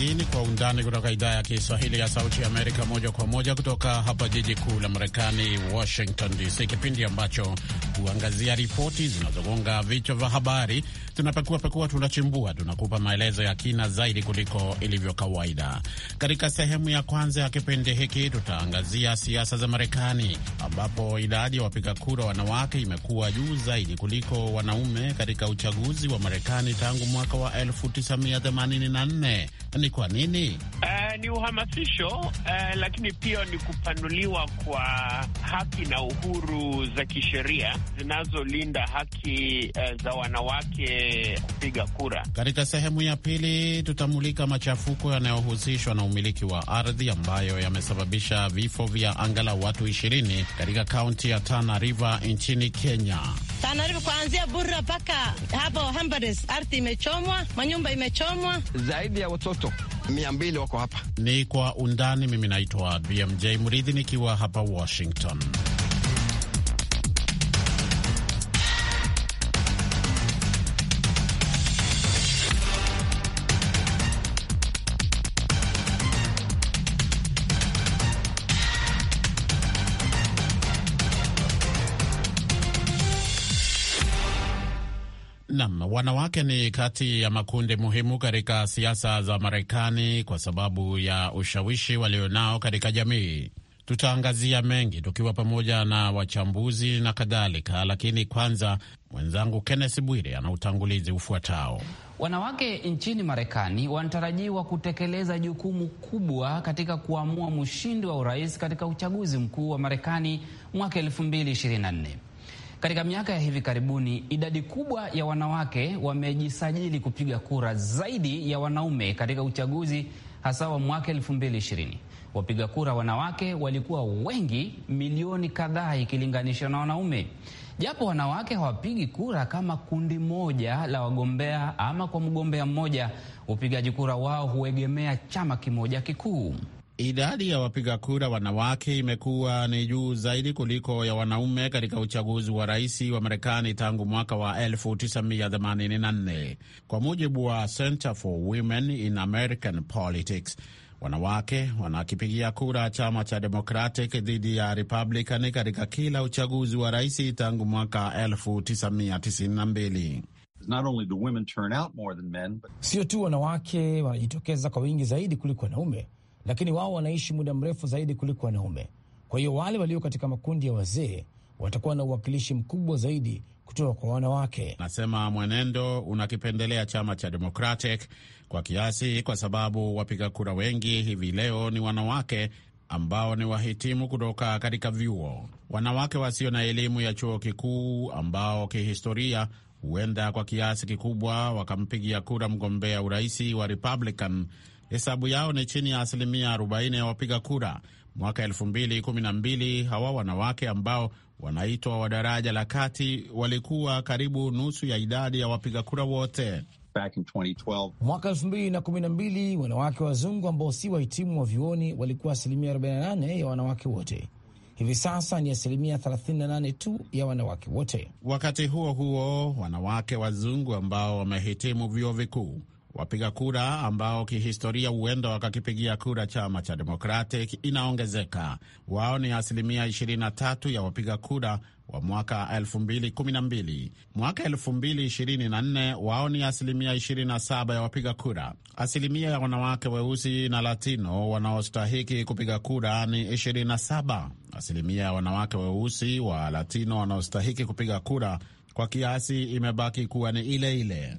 Hii ni Kwa Undani kutoka idhaa ya Kiswahili ya Sauti Amerika, moja kwa moja kutoka hapa jiji kuu la Marekani, Washington DC, kipindi ambacho kuangazia ripoti zinazogonga vichwa vya habari. tunapekua pekua tunachimbua, tunakupa maelezo ya kina zaidi kuliko ilivyo kawaida. Katika sehemu ya kwanza ya kipindi hiki, tutaangazia siasa za Marekani, ambapo idadi ya wapiga kura wanawake imekuwa juu zaidi kuliko wanaume katika uchaguzi wa Marekani tangu mwaka wa 1984. Ni kwa nini? Uh, ni uhamasisho uh, lakini pia ni kupanuliwa kwa haki na uhuru za kisheria zinazolinda haki uh, za wanawake kupiga kura. Katika sehemu ya pili tutamulika machafuko yanayohusishwa na umiliki wa ardhi ambayo yamesababisha vifo vya angalau watu ishirini katika kaunti ya Tana River nchini Kenya. Tana River kuanzia Burra mpaka hapo Hambares, ardhi imechomwa, manyumba imechomwa, zaidi ya watoto mia mbili wako hapa. Ni kwa undani. Mimi naitwa BMJ Mridhi nikiwa hapa Washington. Wanawake ni kati ya makundi muhimu katika siasa za Marekani kwa sababu ya ushawishi walionao katika jamii. Tutaangazia mengi tukiwa pamoja na wachambuzi na kadhalika, lakini kwanza mwenzangu Kenneth Bwire ana utangulizi ufuatao. Wanawake nchini Marekani wanatarajiwa kutekeleza jukumu kubwa katika kuamua mshindi wa urais katika uchaguzi mkuu wa Marekani mwaka 2024. Katika miaka ya hivi karibuni, idadi kubwa ya wanawake wamejisajili kupiga kura zaidi ya wanaume katika uchaguzi hasa wa mwaka 2020. Wapiga kura wanawake walikuwa wengi milioni kadhaa ikilinganishwa na wanaume. Japo wanawake hawapigi kura kama kundi moja la wagombea ama kwa mgombea mmoja, upigaji kura wao huegemea chama kimoja kikuu. Idadi ya wapiga kura wanawake imekuwa ni juu zaidi kuliko ya wanaume katika uchaguzi wa rais wa Marekani tangu mwaka wa 1984 kwa mujibu wa Center for Women in American Politics. Wanawake wanakipigia kura chama cha Democratic dhidi ya Republican katika kila uchaguzi wa rais tangu mwaka 1992. Sio tu wanawake wanajitokeza kwa wingi zaidi kuliko wanaume lakini wao wanaishi muda mrefu zaidi kuliko wanaume. Kwa hiyo wale walio katika makundi ya wazee watakuwa na uwakilishi mkubwa zaidi kutoka kwa wanawake. anasema mwenendo unakipendelea chama cha Democratic kwa kiasi, kwa sababu wapiga kura wengi hivi leo ni wanawake ambao ni wahitimu kutoka katika vyuo, wanawake wasio na elimu ya chuo kikuu, ambao kihistoria huenda kwa kiasi kikubwa wakampigia kura mgombea uraisi wa Republican hesabu yao ni chini ya asilimia 40 ya wapiga kura. Mwaka 2012 hawa wanawake ambao wanaitwa wa daraja la kati walikuwa karibu nusu ya idadi ya wapiga kura wote. Back in 2012. Mwaka 2012 wanawake wazungu ambao si wahitimu wa vyuoni walikuwa asilimia 48 ya wanawake wote. Hivi sasa ni asilimia 38 tu ya wanawake wote. Wakati huo huo, wanawake wazungu ambao wamehitimu vyuo vikuu Wapiga kura ambao kihistoria huenda wakakipigia kura chama cha Democratic inaongezeka. Wao ni asilimia 23 ya wapiga kura wa mwaka 2012. Mwaka 2024 wao ni asilimia 27 ya wapiga kura. Asilimia ya wanawake weusi na Latino wanaostahiki kupiga kura ni 27. Asilimia ya wanawake weusi wa Latino wanaostahiki kupiga kura kwa kiasi imebaki kuwa ni ile ile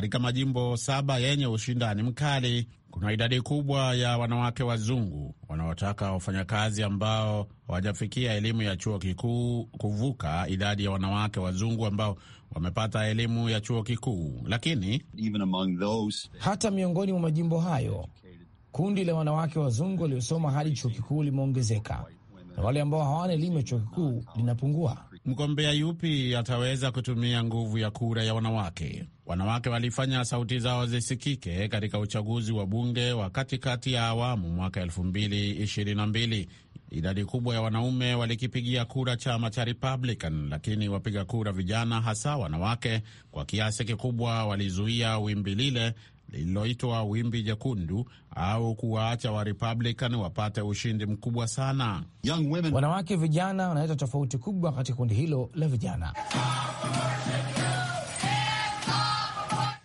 katika majimbo saba yenye ushindani mkali kuna idadi kubwa ya wanawake wazungu wanaotaka wafanyakazi ambao hawajafikia elimu ya chuo kikuu kuvuka idadi ya wanawake wazungu ambao wamepata elimu ya chuo kikuu. Lakini Even among those... hata miongoni mwa majimbo hayo kundi la wanawake wazungu waliosoma hadi chuo kikuu limeongezeka na wale ambao hawana elimu ya chuo kikuu linapungua mgombea yupi ataweza kutumia nguvu ya kura ya wanawake. Wanawake walifanya sauti zao zisikike katika uchaguzi wa bunge wa katikati ya awamu mwaka 2022. Idadi kubwa ya wanaume walikipigia kura chama cha Republican, lakini wapiga kura vijana, hasa wanawake, kwa kiasi kikubwa walizuia wimbi lile lililoitwa wimbi jekundu au kuwaacha wa Republican wapate ushindi mkubwa sana. Young women, wanawake vijana wanaleta tofauti kubwa katika kundi hilo la vijana.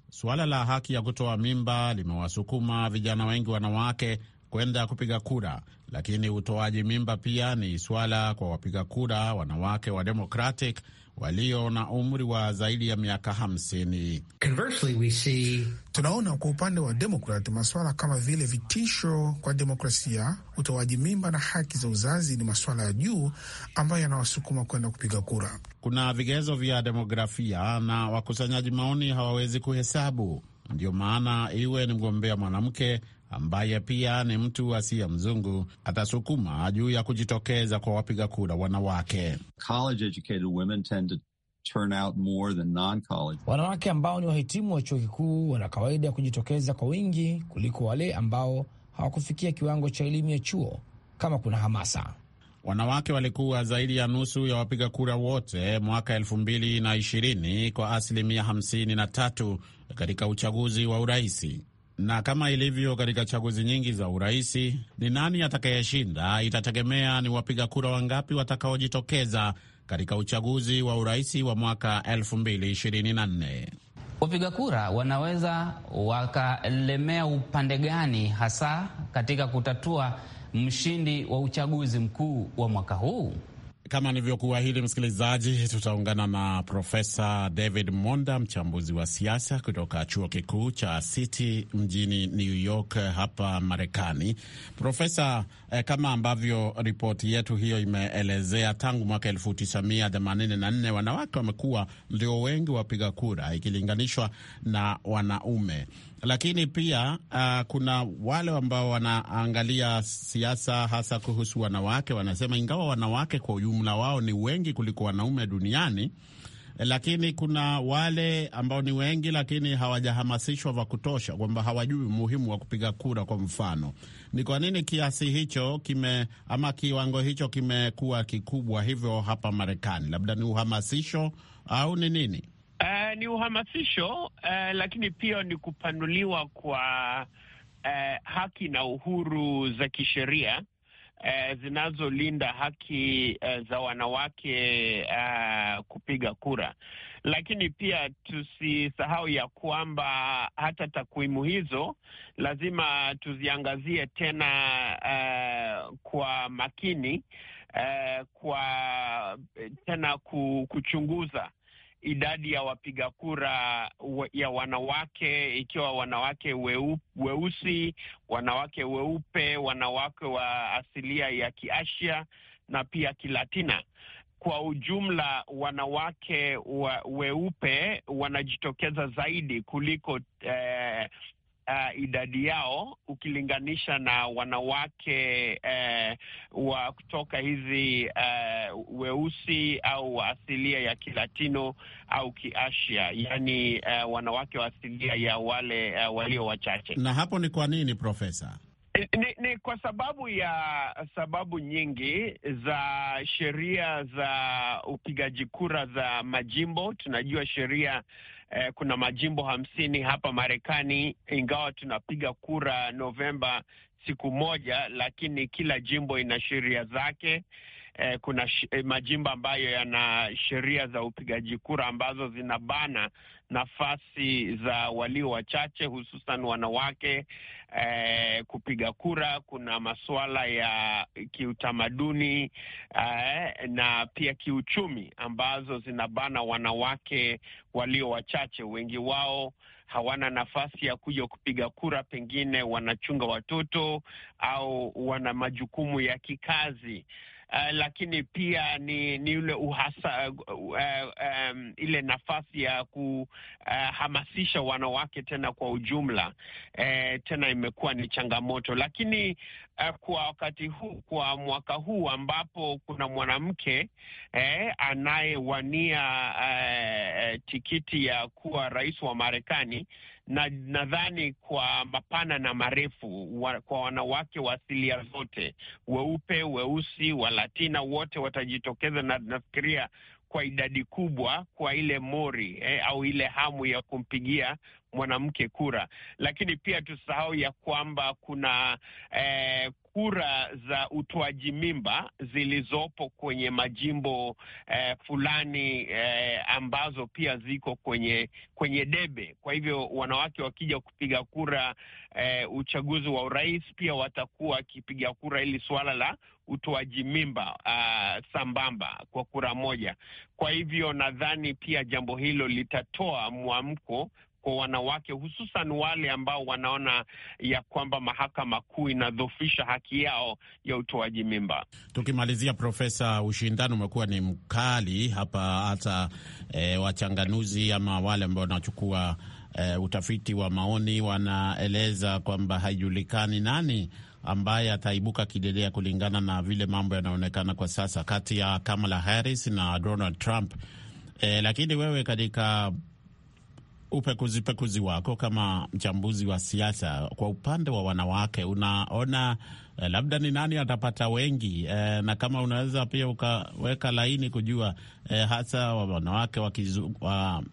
Suala la haki ya kutoa mimba limewasukuma vijana wengi wanawake kwenda kupiga kura, lakini utoaji mimba pia ni swala kwa wapiga kura wanawake wa Democratic walio na umri wa zaidi ya miaka hamsini. See... tunaona kwa upande wa Demokrat masuala kama vile vitisho kwa demokrasia, utoaji mimba na haki za uzazi ni masuala ya juu ambayo yanawasukuma kwenda kupiga kura. Kuna vigezo vya demografia na wakusanyaji maoni hawawezi kuhesabu, ndiyo maana iwe ni mgombea mwanamke ambaye pia ni mtu asiye mzungu atasukuma juu ya kujitokeza kwa wapiga kura wanawake. Wanawake ambao ni wahitimu wa chuo kikuu wana kawaida ya kujitokeza kwa wingi kuliko wale ambao hawakufikia kiwango cha elimu ya chuo kama kuna hamasa. Wanawake walikuwa zaidi ya nusu ya wapiga kura wote mwaka 220 kwa asilimia 53 katika uchaguzi wa uraisi na kama ilivyo katika chaguzi nyingi za uraisi, ni nani atakayeshinda itategemea ni wapiga kura wangapi watakaojitokeza katika uchaguzi wa uraisi wa mwaka 2024. Wapiga kura wanaweza wakalemea upande gani hasa katika kutatua mshindi wa uchaguzi mkuu wa mwaka huu kama nilivyokuahidi, msikilizaji, tutaungana na Profesa David Monda, mchambuzi wa siasa kutoka chuo kikuu cha City mjini New York hapa Marekani. Profesa, eh, kama ambavyo ripoti yetu hiyo imeelezea, tangu mwaka 1984 wanawake wamekuwa ndio wengi wapiga kura ikilinganishwa na wanaume lakini pia uh, kuna wale ambao wanaangalia siasa hasa kuhusu wanawake, wanasema ingawa wanawake kwa ujumla wao ni wengi kuliko wanaume duniani eh, lakini kuna wale ambao ni wengi lakini hawajahamasishwa vya kutosha, kwamba hawajui umuhimu wa kupiga kura. Kwa mfano, ni kwa nini kiasi hicho kime ama kiwango hicho kimekuwa kikubwa hivyo hapa Marekani? Labda ni uhamasisho au ni nini? Uh, ni uhamasisho uh, lakini pia ni kupanuliwa kwa uh, haki na uhuru za kisheria uh, zinazolinda haki uh, za wanawake uh, kupiga kura, lakini pia tusisahau ya kwamba hata takwimu hizo lazima tuziangazie tena uh, kwa makini uh, kwa tena kuchunguza idadi ya wapiga kura ya wanawake ikiwa wanawake weu, weusi, wanawake weupe, wanawake wa asilia ya Kiasia na pia Kilatina. Kwa ujumla wanawake wa, weupe wanajitokeza zaidi kuliko eh, uh, idadi yao ukilinganisha na wanawake uh, wa kutoka hizi uh, weusi au asilia ya kilatino au kiasia, yaani uh, wanawake wa asilia ya wale uh, walio wachache. Na hapo ni kwa nini Profesa? Ni, ni kwa sababu ya sababu nyingi za sheria za upigaji kura za majimbo. Tunajua sheria eh, kuna majimbo hamsini hapa Marekani, ingawa tunapiga kura Novemba siku moja, lakini kila jimbo ina sheria zake eh, kuna sh, eh, majimbo ambayo yana sheria za upigaji kura ambazo zinabana nafasi za walio wachache hususan wanawake eh, kupiga kura. Kuna masuala ya kiutamaduni eh, na pia kiuchumi ambazo zinabana wanawake walio wachache, wengi wao hawana nafasi ya kuja kupiga kura, pengine wanachunga watoto au wana majukumu ya kikazi. Eh, lakini pia ni ni ule uhasa uh, um, ile nafasi ya kuhamasisha eh, uh, wanawake tena kwa ujumla uh, tena imekuwa ni changamoto, lakini uh, kwa wakati huu, kwa mwaka huu ambapo kuna mwanamke uh, anayewania uh, tikiti ya kuwa rais wa Marekani na nadhani kwa mapana na marefu wa, kwa wanawake wa asilia zote, weupe, weusi, walatina wote watajitokeza, na nafikiria kwa idadi kubwa, kwa ile mori eh, au ile hamu ya kumpigia mwanamke kura, lakini pia tusahau ya kwamba kuna eh, kura za utoaji mimba zilizopo kwenye majimbo eh, fulani eh, ambazo pia ziko kwenye kwenye debe. Kwa hivyo wanawake wakija kupiga kura eh, uchaguzi wa urais pia watakuwa wakipiga kura hili suala la utoaji mimba uh, sambamba kwa kura moja. Kwa hivyo nadhani pia jambo hilo litatoa mwamko kwa wanawake, hususan wale ambao wanaona ya kwamba mahakama kuu inadhofisha haki yao ya utoaji mimba. Tukimalizia, Profesa, ushindani umekuwa ni mkali hapa, hata e, wachanganuzi ama wale ambao wanachukua e, utafiti wa maoni wanaeleza kwamba haijulikani nani ambaye ataibuka kidedea kulingana na vile mambo yanaonekana kwa sasa kati ya Kamala Harris na Donald Trump. E, lakini wewe katika upekuzipekuzi wako kama mchambuzi wa siasa kwa upande wa wanawake, unaona eh, labda ni nani atapata wengi eh, na kama unaweza pia ukaweka laini kujua eh, hasa wanawake wa, kizungu, wa,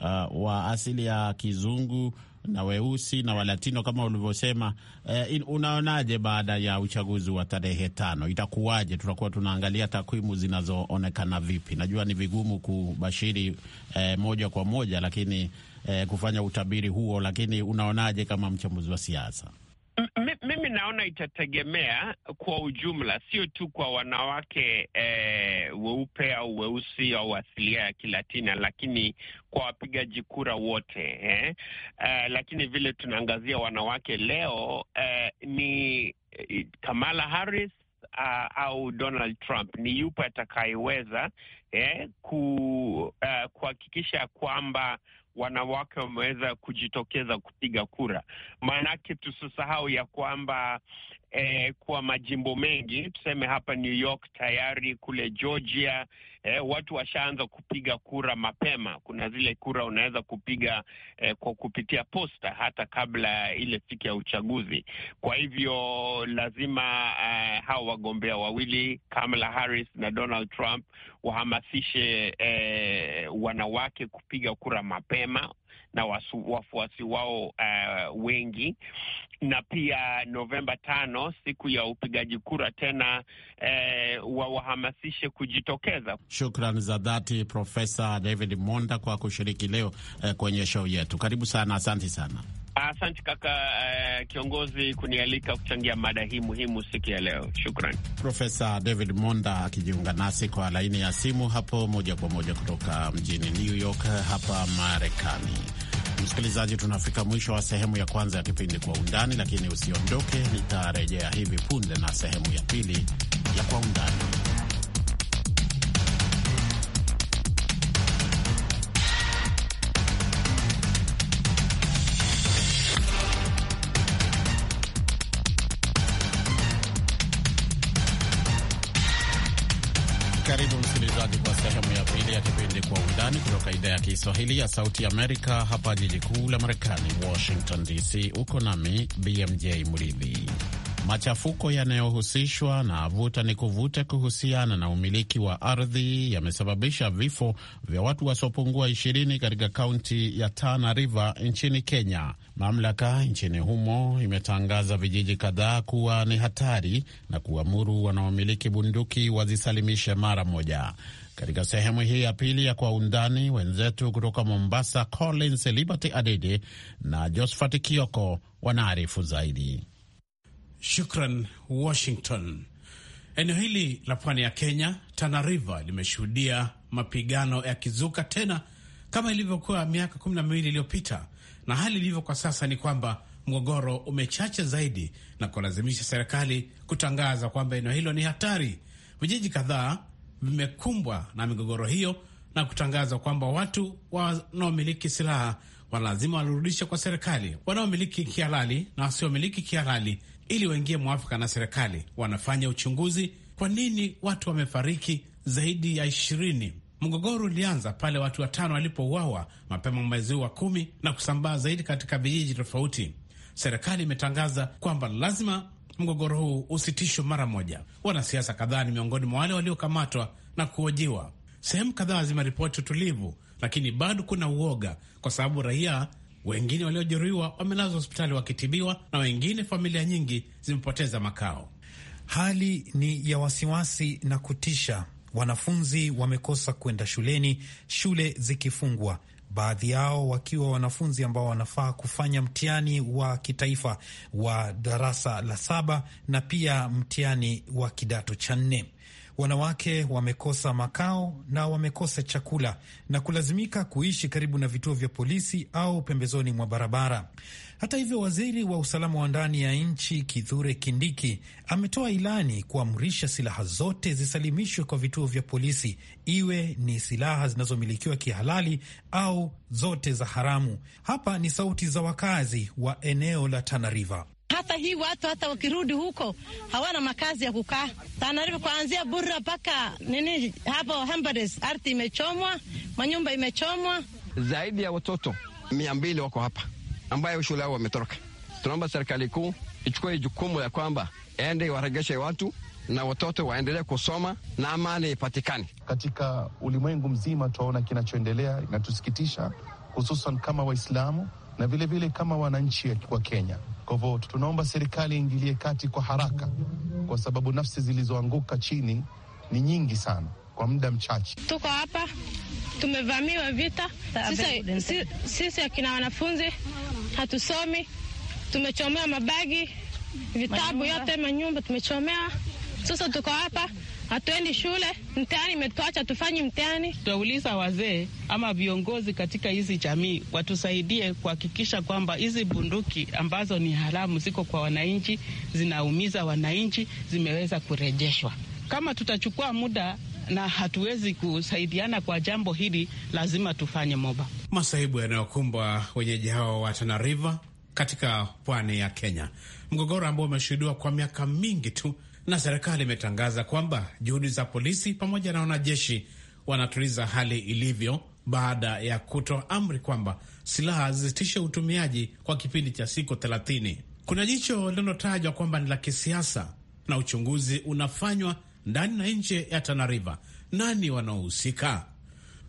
uh, wa asili ya kizungu na weusi na walatino kama ulivyosema. Eh, unaonaje baada ya uchaguzi wa tarehe tano itakuwaje? Tutakuwa tunaangalia takwimu zinazoonekana vipi? Najua ni vigumu kubashiri eh, moja kwa moja, lakini eh, kufanya utabiri huo, lakini unaonaje kama mchambuzi wa siasa? mimi naona itategemea kwa ujumla, sio tu kwa wanawake e, weupe au weusi au asilia ya Kilatina, lakini kwa wapigaji kura wote eh. E, lakini vile tunaangazia wanawake leo e, ni Kamala Harris Uh, au Donald Trump ni yupo atakayeweza eh, kuhakikisha uh, kwamba wanawake wameweza kujitokeza kupiga kura. Maanake tusisahau ya kwamba eh, kwa majimbo mengi, tuseme hapa New York tayari, kule Georgia eh, watu washaanza kupiga kura mapema. Kuna zile kura unaweza kupiga eh, kwa kupitia posta hata kabla ile siku ya uchaguzi. Kwa hivyo lazima eh, hao wagombea wawili Kamala Harris na Donald Trump wahamasishe eh, wanawake kupiga kura mapema na wasu, wafuasi wao uh, wengi, na pia Novemba tano, siku ya upigaji kura tena, uh, wawahamasishe kujitokeza. Shukran za dhati Profesa David Monda kwa kushiriki leo uh, kwenye show yetu. Karibu sana, asante sana. Asante kaka uh, kiongozi kunialika kuchangia mada hii muhimu siku ya leo. Shukran. Profesa David Monda akijiunga nasi kwa laini ya simu hapo moja kwa moja kutoka mjini New York hapa Marekani. Msikilizaji, tunafika mwisho wa sehemu ya kwanza ya kipindi Kwa Undani, lakini usiondoke, nitarejea hivi punde na sehemu ya pili ya Kwa Undani. ya kipindi Kwa Undani kutoka idhaa ya Kiswahili ya Sauti Amerika, hapa jiji kuu la Marekani, Washington DC. Uko nami BMJ Mridhi. Machafuko yanayohusishwa na vuta ni kuvute kuhusiana na umiliki wa ardhi yamesababisha vifo vya watu wasiopungua ishirini katika kaunti ya Tana River nchini Kenya. Mamlaka nchini humo imetangaza vijiji kadhaa kuwa ni hatari na kuamuru wanaomiliki bunduki wazisalimishe mara moja. Katika sehemu hii ya pili ya Kwa Undani, wenzetu kutoka Mombasa, Collins Liberty Adede na Josphat Kioko wanaarifu zaidi. Shukran, Washington. Eneo hili la pwani ya Kenya, Tana River, limeshuhudia mapigano yakizuka tena kama ilivyokuwa miaka kumi na miwili iliyopita, na hali ilivyo kwa sasa ni kwamba mgogoro umechache zaidi na kulazimisha serikali kutangaza kwamba eneo hilo ni hatari. Vijiji kadhaa vimekumbwa na migogoro hiyo na kutangaza kwamba watu wanaomiliki silaha walazima walirudisha kwa serikali, wanaomiliki kihalali na wasiomiliki kihalali, ili waingie mwafaka na serikali. Wanafanya uchunguzi kwa nini watu wamefariki zaidi ya ishirini. Mgogoro ulianza pale watu watano walipouawa mapema mwezi wa kumi na kusambaa zaidi katika vijiji tofauti. Serikali imetangaza kwamba lazima mgogoro huu usitishwe mara moja. Wanasiasa kadhaa ni miongoni mwa wale waliokamatwa na kuhojiwa. Sehemu kadhaa zimeripoti utulivu, lakini bado kuna uoga kwa sababu raia wengine waliojeruhiwa wamelazwa hospitali wakitibiwa na wengine, familia nyingi zimepoteza makao. Hali ni ya wasiwasi na kutisha. Wanafunzi wamekosa kwenda shuleni, shule zikifungwa, baadhi yao wakiwa wanafunzi ambao wanafaa kufanya mtihani wa kitaifa wa darasa la saba na pia mtihani wa kidato cha nne. Wanawake wamekosa makao na wamekosa chakula na kulazimika kuishi karibu na vituo vya polisi au pembezoni mwa barabara. Hata hivyo, waziri wa usalama wa ndani ya nchi Kithure Kindiki ametoa ilani kuamrisha silaha zote zisalimishwe kwa vituo vya polisi, iwe ni silaha zinazomilikiwa kihalali au zote za haramu. Hapa ni sauti za wakazi wa eneo la Tana River. Hata hii watu hata wakirudi huko hawana makazi ya kukaa. Tanariva kuanzia Burra mpaka nini hapo Hambares, ardhi imechomwa, manyumba imechomwa, zaidi ya watoto mia mbili wako hapa ambayo shule yao wametoroka. Tunaomba serikali kuu ichukue jukumu ya kwamba ende iwaregeshe watu na watoto waendelee kusoma na amani ipatikane katika ulimwengu mzima. Tunaona kinachoendelea inatusikitisha, hususan kama Waislamu na vilevile vile kama wananchi wa Kenya. Kwa hivyo tunaomba serikali iingilie kati kwa haraka, kwa sababu nafsi zilizoanguka chini ni nyingi sana kwa muda mchache. Tuko hapa tumevamiwa vita sisi, sisi akina wanafunzi hatusomi, tumechomea mabagi, vitabu yote, manyumba tumechomewa. Sasa tuko hapa hatuendi shule, mtihani imetuacha tufanyi mtihani. Tutauliza wazee ama viongozi katika hizi jamii watusaidie kuhakikisha kwamba hizi bunduki ambazo ni haramu ziko kwa wananchi, zinaumiza wananchi, zimeweza kurejeshwa. Kama tutachukua muda na hatuwezi kusaidiana kwa jambo hili, lazima tufanye moba masaibu yanayokumbwa wenyeji hao wa Tana River katika pwani ya Kenya, mgogoro ambao umeshuhudiwa kwa miaka mingi tu, na serikali imetangaza kwamba juhudi za polisi pamoja na wanajeshi wanatuliza hali ilivyo baada ya kutoa amri kwamba silaha zisitishe utumiaji kwa kipindi cha siku thelathini. Kuna jicho linalotajwa kwamba ni la kisiasa na uchunguzi unafanywa ndani na nje ya Tana River. Nani wanaohusika?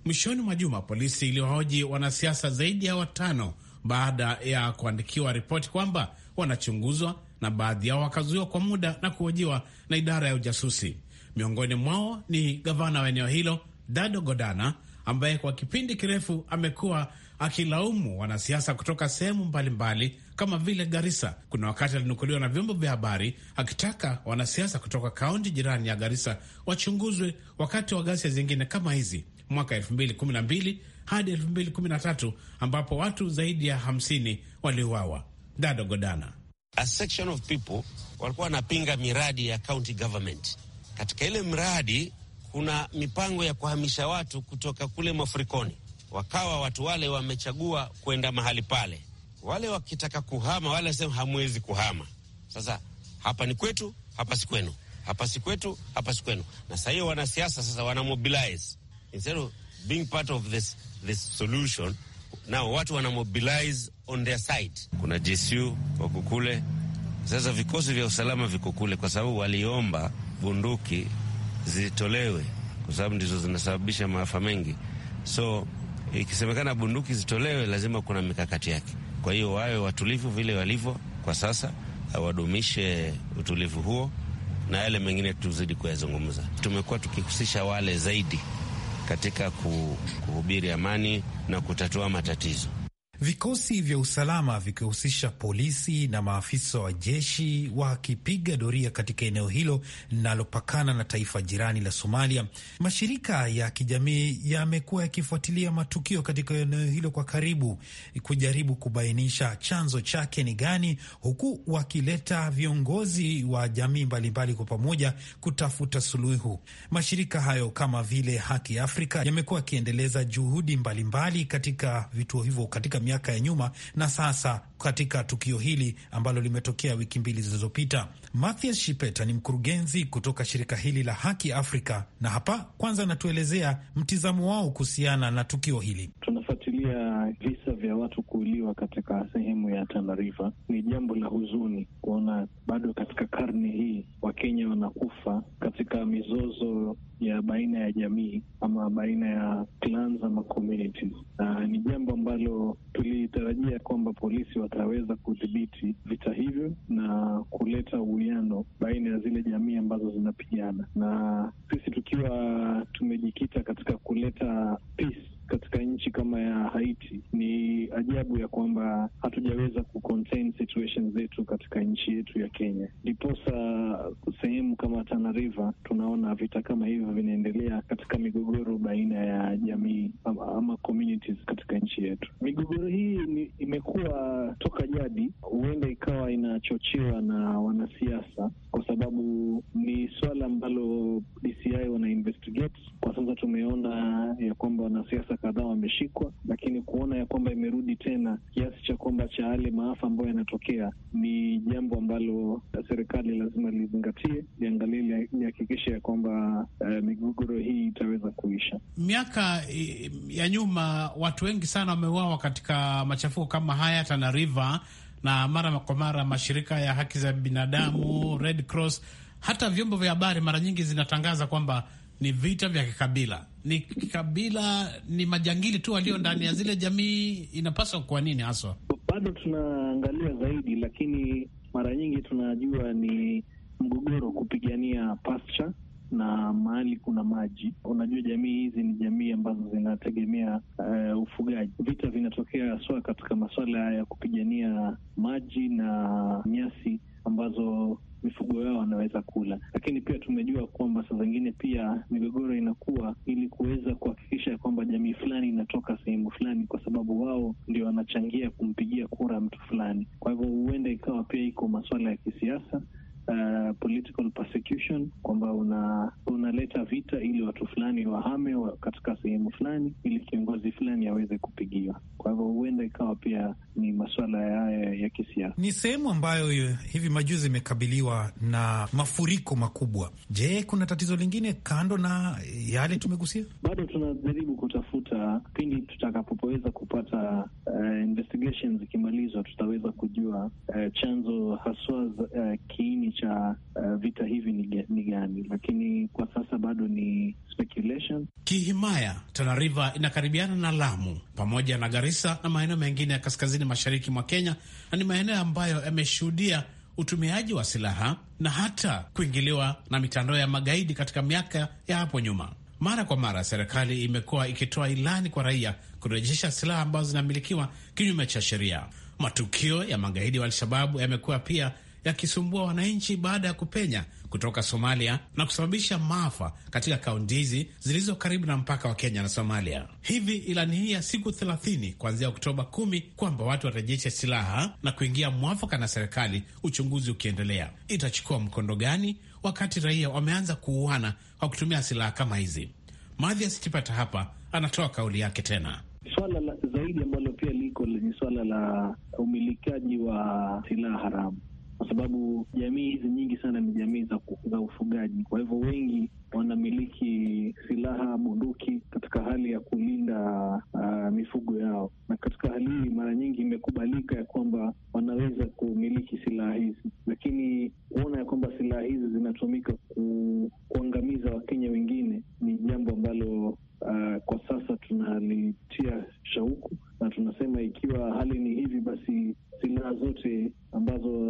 Mwishoni mwa juma polisi iliwahoji wanasiasa zaidi ya watano baada ya kuandikiwa ripoti kwamba wanachunguzwa, na baadhi yao wakazuiwa kwa muda na kuhojiwa na idara ya ujasusi. Miongoni mwao ni gavana wa eneo hilo Dado Godana, ambaye kwa kipindi kirefu amekuwa akilaumu wanasiasa kutoka sehemu mbalimbali kama vile Garissa. Kuna wakati alinukuliwa na vyombo vya habari akitaka wanasiasa kutoka kaunti jirani ya Garissa wachunguzwe wakati wa ghasia zingine kama hizi mwaka 2012 hadi 2013 ambapo watu zaidi ya 50 waliuawa. Dado Godana, a section of people walikuwa wanapinga miradi ya county government. Katika ile mradi kuna mipango ya kuhamisha watu kutoka kule mafurikoni, wakawa watu wale wamechagua kwenda mahali pale. Wale wakitaka kuhama, wale wasema hamwezi kuhama. Sasa hapa ni kwetu, hapa si kwenu, hapa si kwetu, hapa si kwenu. Na sasa hiyo wanasiasa sasa wanamobilize instead of being part of this, this solution now watu wana mobilize on their side. Kuna GSU wako kule sasa, vikosi vya usalama viko kule kwa sababu waliomba bunduki zitolewe, kwa sababu ndizo zinasababisha maafa mengi. So ikisemekana bunduki zitolewe, lazima kuna mikakati yake. Kwa hiyo wawe watulivu vile walivyo kwa sasa, wadumishe utulivu huo, na yale mengine tuzidi kuyazungumza. Tumekuwa tukihusisha wale zaidi katika kuhubiri amani na kutatua matatizo. Vikosi vya usalama vikihusisha polisi na maafisa wa jeshi wakipiga doria katika eneo hilo linalopakana na taifa jirani la Somalia. Mashirika ya kijamii yamekuwa yakifuatilia matukio katika eneo hilo kwa karibu, kujaribu kubainisha chanzo chake ni gani, huku wakileta viongozi wa jamii mbalimbali kwa pamoja kutafuta suluhu. Mashirika hayo kama vile Haki Afrika yamekuwa yakiendeleza juhudi mbalimbali mbali katika vituo hivyo katika miaka ya nyuma na sasa katika tukio hili ambalo limetokea wiki mbili zilizopita. Mathias Shipeta ni mkurugenzi kutoka shirika hili la Haki Afrika, na hapa kwanza anatuelezea mtizamo wao kuhusiana na tukio hili. Tunafuatilia ya visa vya watu kuuliwa katika sehemu ya Tana River, ni jambo la huzuni kuona bado katika karne hii Wakenya wanakufa katika mizozo ya baina ya jamii ama baina ya clans ama communities. Na ni jambo ambalo tulitarajia kwamba polisi wataweza kudhibiti vita hivyo na kuleta uwiano baina ya zile jamii ambazo zinapigana, na sisi tukiwa tumejikita katika kuleta peace katika nchi kama ya Haiti. Ni ajabu ya kwamba hatujaweza kucontain situation zetu katika nchi yetu ya Kenya, ndiposa sehemu kama Tana River tunaona vita kama hivyo vinaendelea katika migogoro baina ya jamii ama, ama communities katika nchi yetu. Migogoro hii imekuwa toka jadi, huenda ikawa inachochewa na wanasiasa kwa sababu ni investigate. Kwa sasa tumeona ya kwamba wanasiasa kadhaa wameshikwa, lakini kuona ya kwamba imerudi tena kiasi cha kwamba cha yale maafa ambayo yanatokea ni jambo ambalo serikali lazima lizingatie, liangalie, lihakikishe ya kwamba uh, migogoro hii itaweza kuisha. Miaka ya nyuma watu wengi sana wameuawa katika machafuko kama haya, Tana River na mara kwa mara mashirika ya haki za binadamu, Red Cross, hata vyombo vya habari mara nyingi zinatangaza kwamba ni vita vya kikabila, ni kikabila, ni majangili tu walio ndani ya zile jamii. Inapaswa kwa nini haswa, bado tunaangalia zaidi, lakini mara nyingi tunajua ni mgogoro kupigania pasture na mahali kuna maji. Unajua, jamii hizi ni jamii ambazo zinategemea uh, ufugaji. Vita vinatokea haswa katika masuala ya kupigania maji na nyasi ambazo mifugo yao wanaweza kula. Lakini pia tumejua kwamba saa zingine pia migogoro inakuwa ili kuweza kuhakikisha kwamba jamii fulani inatoka sehemu fulani, kwa sababu wao ndio wanachangia kumpigia kura mtu fulani. Kwa hivyo huenda ikawa pia iko masuala ya kisiasa. Uh, political persecution kwamba unaleta una vita ili watu fulani wahame wa katika sehemu fulani ili kiongozi fulani aweze kupigiwa. Kwa hivyo huenda ikawa pia ni masuala haya ya kisiasa. Ni sehemu ambayo hivi majuzi imekabiliwa na mafuriko makubwa. Je, kuna tatizo lingine kando na yale tumegusia? Bado tunajaribu kutafuta, pindi tutakapoweza kupata uh, zikimalizwa, tutaweza kujua uh, chanzo haswa uh, kiini cha uh, vita hivi ni, gani, lakini kwa sasa bado ni speculation. Kihimaya, Tana River inakaribiana na Lamu pamoja na Garissa na maeneo mengine ya kaskazini mashariki mwa Kenya, na ni maeneo ambayo yameshuhudia utumiaji wa silaha na hata kuingiliwa na mitandao ya magaidi katika miaka ya hapo nyuma. Mara kwa mara serikali imekuwa ikitoa ilani kwa raia kurejesha silaha ambazo zinamilikiwa kinyume cha sheria. Matukio ya magaidi wa Alshababu yamekuwa pia yakisumbua wananchi baada ya kupenya kutoka Somalia na kusababisha maafa katika kaunti hizi zilizo karibu na mpaka wa Kenya na Somalia. Hivi ilani hii ya siku 30 kuanzia Oktoba 10 kwamba watu warejeshe silaha na kuingia mwafaka na serikali, uchunguzi ukiendelea, itachukua mkondo gani wakati raia wameanza kuuana kwa kutumia silaha kama hizi? Madhi asitipata hapa anatoa kauli yake tena. Swala la zaidi ambalo pia liko lenye swala la umilikaji wa silaha haramu kwa sababu jamii hizi nyingi sana ni jamii za ufugaji. Kwa hivyo wengi wanamiliki silaha, bunduki katika hali ya kulinda uh, mifugo yao, na katika hali hii mara nyingi imekubalika ya kwamba wanaweza kumiliki silaha hizi, lakini kuona ya kwamba silaha hizi zinatumika ku, kuangamiza Wakenya wengine ni jambo ambalo uh, kwa sasa tunalitia shauku na tunasema ikiwa hali ni hivi, basi silaha zote ambazo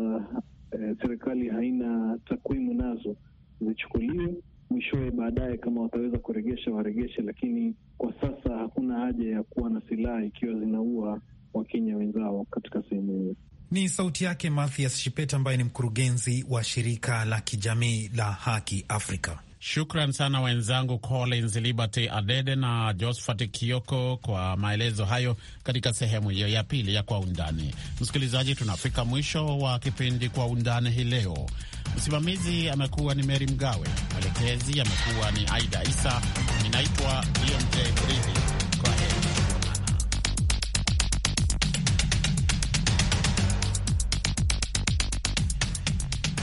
e, serikali haina takwimu nazo zichukuliwe, mwishowe baadaye kama wataweza kuregesha waregeshe, lakini kwa sasa hakuna haja ya kuwa na silaha ikiwa zinaua Wakenya wenzao katika sehemu hiyo. Ni sauti yake Mathias Shipet ambaye ni mkurugenzi wa shirika la kijamii la Haki Afrika. Shukran sana wenzangu Collins Liberty Adede na Josphat Kioko kwa maelezo hayo katika sehemu hiyo ya pili ya Kwa Undani. Msikilizaji, tunafika mwisho wa kipindi Kwa Undani hii leo. Msimamizi amekuwa ni Meri Mgawe, mwelekezi amekuwa ni Aida Isa. Ninaitwa BMJ Mridhi.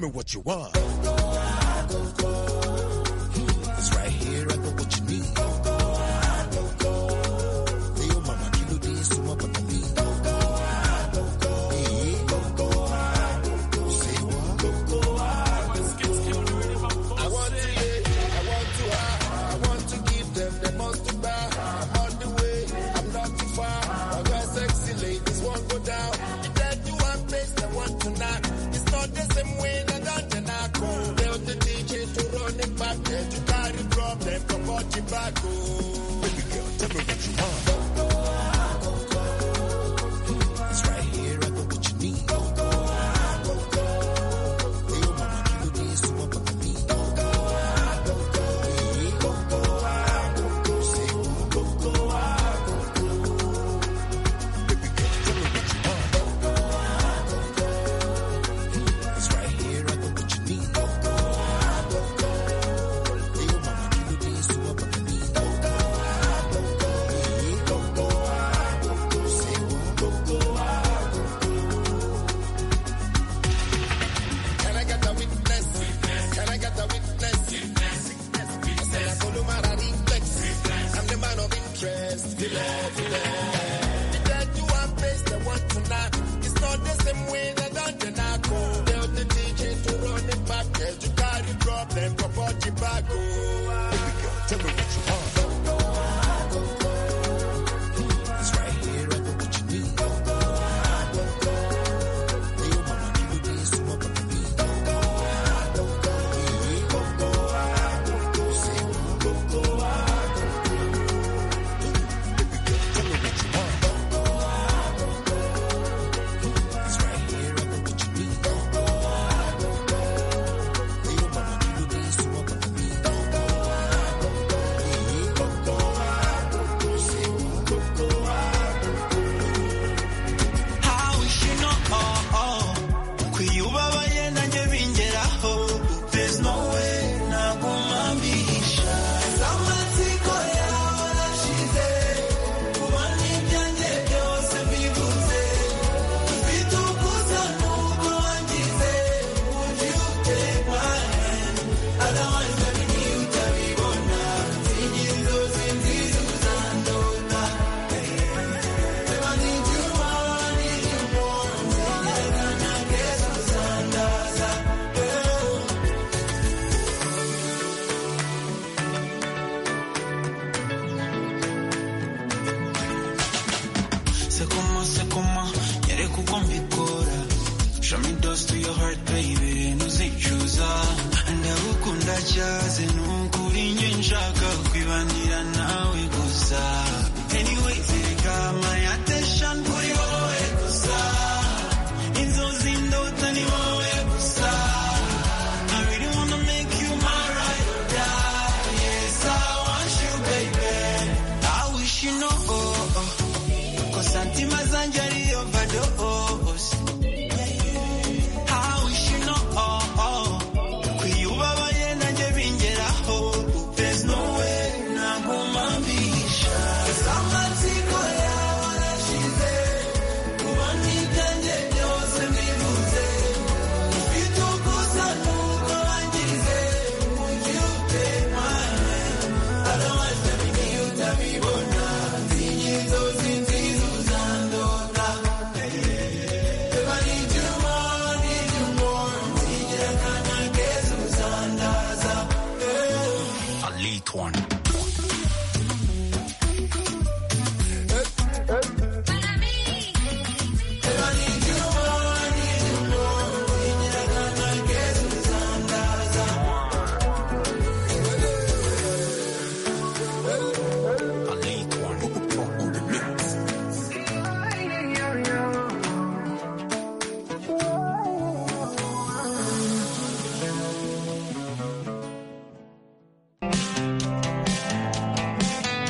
me what you want. yote bado